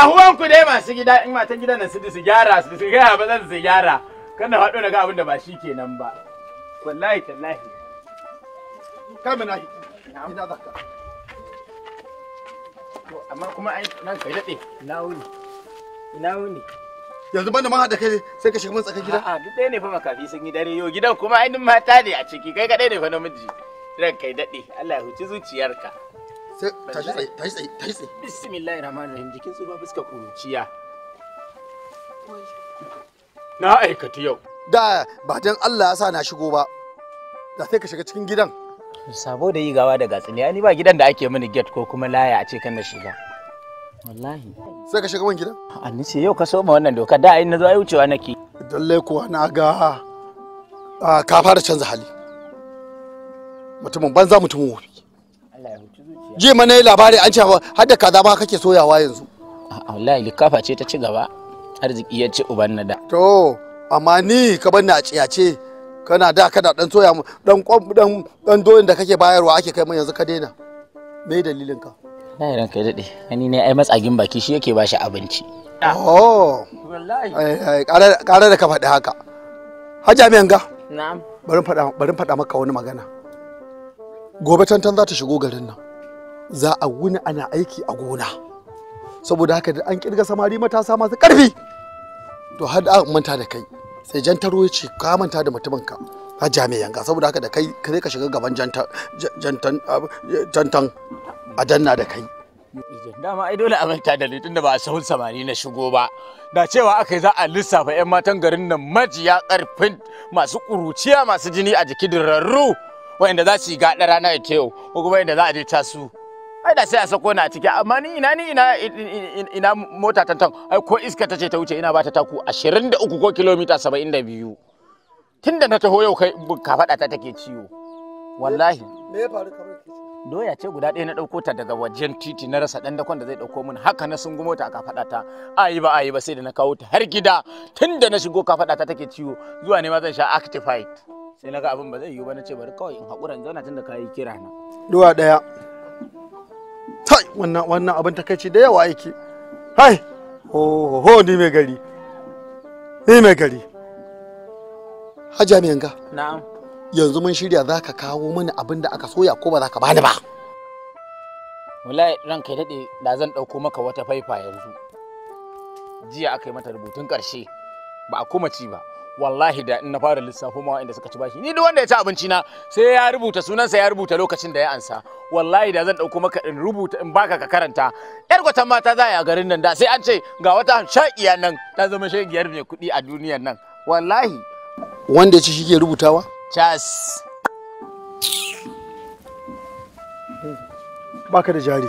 ahuwan ku dai masu gida in matan gidan nan su su gyara su su gaya ba zan su gyara kana faɗo na ga abin da ba shi kenan ba wallahi tallahi kai mana ina za to amma kuma ai nan kai daɗe ina wuni ina wuni yanzu banda ma hada kai sai ka shiga mun tsakan gida a duk ɗaya ne fa makafi sun yi dare yau gidan kuma ainihin mata ne a ciki kai kaɗai ne fa namiji ran kai daɗe Allah ya huci zuciyarka tashi tsaye tashi tsaye tashi tsaye bismillahir rahmanir rahim jikin su ba fuska kuruciya na aikata yau da ba dan Allah ya sa na shigo ba da sai ka shiga cikin gidan sabo da yi gawa da gatsini ni ba gidan da ake mini gate ko kuma laya a ce kan na shiga wallahi sai ka shiga man gidan a ni ce yau ka so ma wannan doka da ai na zo ai wucewa nake dalle kuwa na ga ah, ka fara canza hali mutumin banza mutumin wofi jiya mana yi labari an ce har da kaza ma kake soyawa yanzu wallahi likafa ce ta ci gaba arziki ya ci uban na da to amma ni ka bar ni a ciyace kana da kana dan soya mu dan dan dan doyin da kake bayarwa ake kai mun yanzu ka daina me dalilin ka wallahi ranka ya dade ani ne ai matsagin baki shi yake bashi abinci oh wallahi kare da ka faɗi haka hajja mai ga na'am bari faɗa bari faɗa maka wani magana gobe tantan za ta shigo garin nan za a wuni ana aiki a gona saboda haka da an kirga samari matasa masu karfi to har da manta da kai sai jantaro ya ce ka manta da mutumin ka a jami'an ka saboda haka da kai ka zai ka shiga gaban jantan a danna da kai dama ai dole a manta da litin da ba a sahun samari na shigo ba da cewa aka za a lissafa 'yan matan garin nan majiya karfin masu ƙuruciya masu jini a jiki rarru wa'inda za su yi gaɗa rana ya ko kuma za a je tasu ai da sai a sako na a ciki amma ni ina ni ina ina mota tan ai ko iska tace ta wuce ina ba ta taku 23 ko kilomita 72 tunda na taho yau kai ka fada ta take ciwo wallahi me ya faru kamar doya ce guda ɗaya na ɗauko ta daga wajen titi na rasa ɗan dakon da zai ɗauko min haka na sun gumo ta ka faɗa ta ayi ba ayi ba sai da na kawo ta har gida tunda da na shigo ka faɗa ta take ciwo zuwa ne ma zan sha actified sai na ga abin ba zai yiwu ba na ce bari kawai in haƙura in zauna tun da ka yi kira na. Doya ɗaya. Hai! wannan wannan abin takaici da yawa yake hai ho ho ni mai gari ni mai gari hajja mai yanga na'am yanzu mun shirya za ka kawo mini abin da aka soya ko ba za ka bani ba wallahi ranka kai daɗe da zan ɗauko maka wata faifa yanzu jiya aka yi mata rubutun ƙarshe ba a kuma ci ba wallahi da in na fara lissafo ma inda suka ci bashi ni duk wanda ya ci abinci na sai ya rubuta sunansa ya rubuta lokacin da ya ansa wallahi da zan ɗauko maka in rubuta in baka ka karanta yar gwatan mata za a garin nan da sai an ce ga wata shaƙiya nan ta zama shagiyar mai kuɗi a duniyar nan wallahi wanda ya ci shi ke rubutawa chas baka da jari